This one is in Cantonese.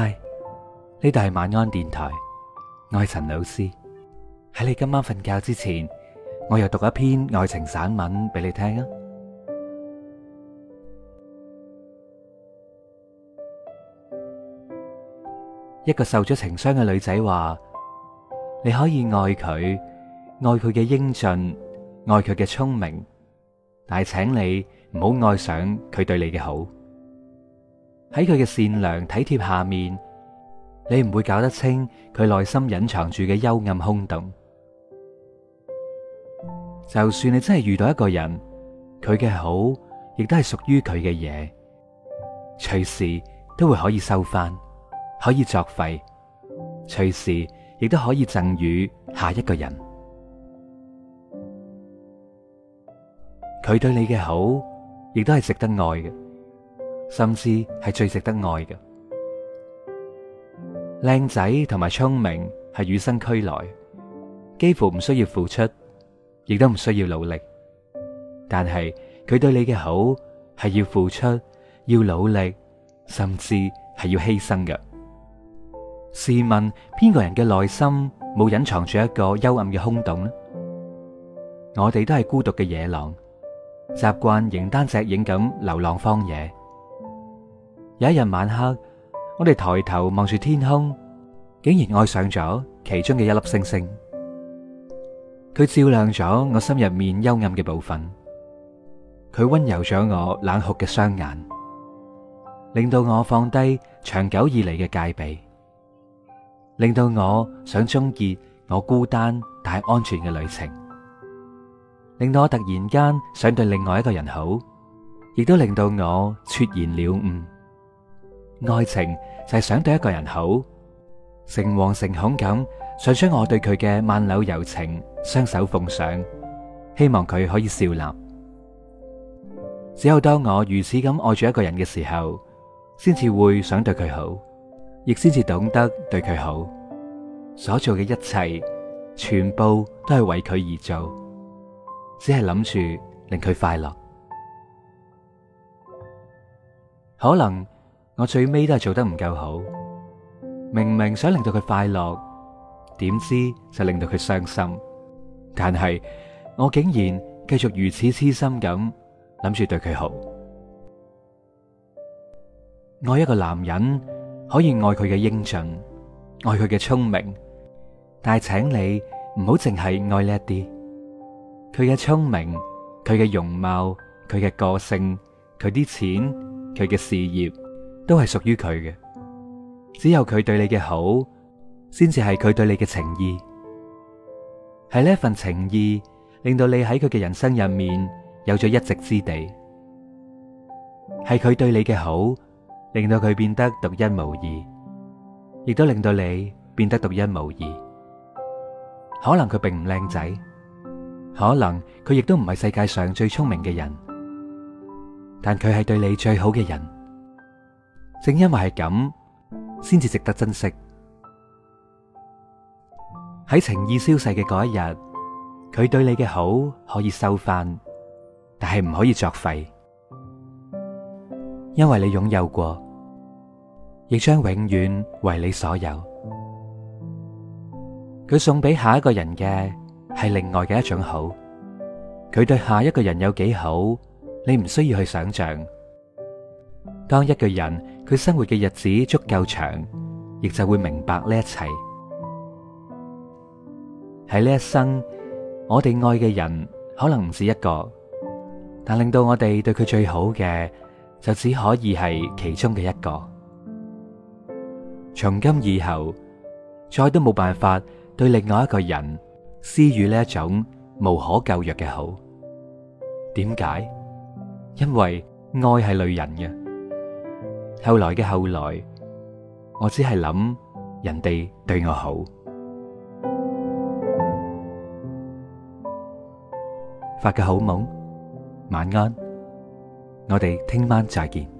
嗨，呢度係晚安電台，我係陳老師。喺你今晚瞓覺之前，我又讀一篇愛情散文俾你聽啊！ 一個受咗情傷嘅女仔話：你可以愛佢，愛佢嘅英俊，愛佢嘅聰明，但係請你唔好愛上佢對你嘅好。喺佢嘅善良體貼下面，你唔會搞得清佢內心隱藏住嘅幽暗空洞。就算你真係遇到一個人，佢嘅好亦都係屬於佢嘅嘢，隨時都會可以收翻，可以作廢，隨時亦都可以贈與下一個人。佢對你嘅好，亦都係值得愛嘅。甚至係最值得愛嘅靚仔，同埋聰明係與生俱來，幾乎唔需要付出，亦都唔需要努力。但係佢對你嘅好係要付出，要努力，甚至係要犧牲嘅。試問邊個人嘅內心冇隱藏住一個幽暗嘅空洞呢？我哋都係孤獨嘅野狼，習慣形單隻影咁流浪荒野。有一日晚黑，我哋抬頭望住天空，竟然愛上咗其中嘅一粒星星。佢照亮咗我心入面幽暗嘅部分，佢溫柔咗我冷酷嘅雙眼，令到我放低長久以嚟嘅戒備，令到我想終結我孤單但係安全嘅旅程，令到我突然間想對另外一個人好，亦都令到我猝然了悟。愛情就係想對一個人好，誠惶誠恐咁想將我對佢嘅萬縷柔情雙手奉上，希望佢可以笑納。只有當我如此咁愛住一個人嘅時候，先至會想對佢好，亦先至懂得對佢好。所做嘅一切，全部都係為佢而做，只係諗住令佢快樂。可能。我最尾都係做得唔夠好，明明想令到佢快樂，點知就令到佢傷心。但係我竟然繼續如此痴心咁諗住對佢好。愛一個男人可以愛佢嘅英俊，愛佢嘅聰明，但係請你唔好淨係愛呢啲。佢嘅聰明，佢嘅容貌，佢嘅個性，佢啲錢，佢嘅事業，都係屬於佢嘅。只有佢對你嘅好，先至係佢對你嘅情意。係呢一份情意，令到你喺佢嘅人生入面有咗一席之地。係佢對你嘅好，令到佢變得獨一無二，亦都令到你變得獨一無二。可能佢並唔靚仔，可能佢亦都唔係世界上最聰明嘅人，但佢係對你最好嘅人。正因為係咁，先至值得珍惜。喺情意消逝嘅嗰一日，佢對你嘅好可以收翻，但係唔可以作廢，因為你擁有過，亦將永遠為你所有。佢送俾下一個人嘅係另外嘅一種好，佢對下一個人有幾好，你唔需要去想象。當一個人佢生活嘅日子足夠長，亦就會明白呢一切。喺呢一生，我哋愛嘅人可能唔止一個，但令到我哋對佢最好嘅，就只可以係其中嘅一個。從今以後，再都冇辦法對另外一個人施予呢一種無可救藥嘅好。點解？因為愛係累人嘅。後來嘅後來，我只係諗人哋對我好，發個好夢，晚安，我哋聽晚再見。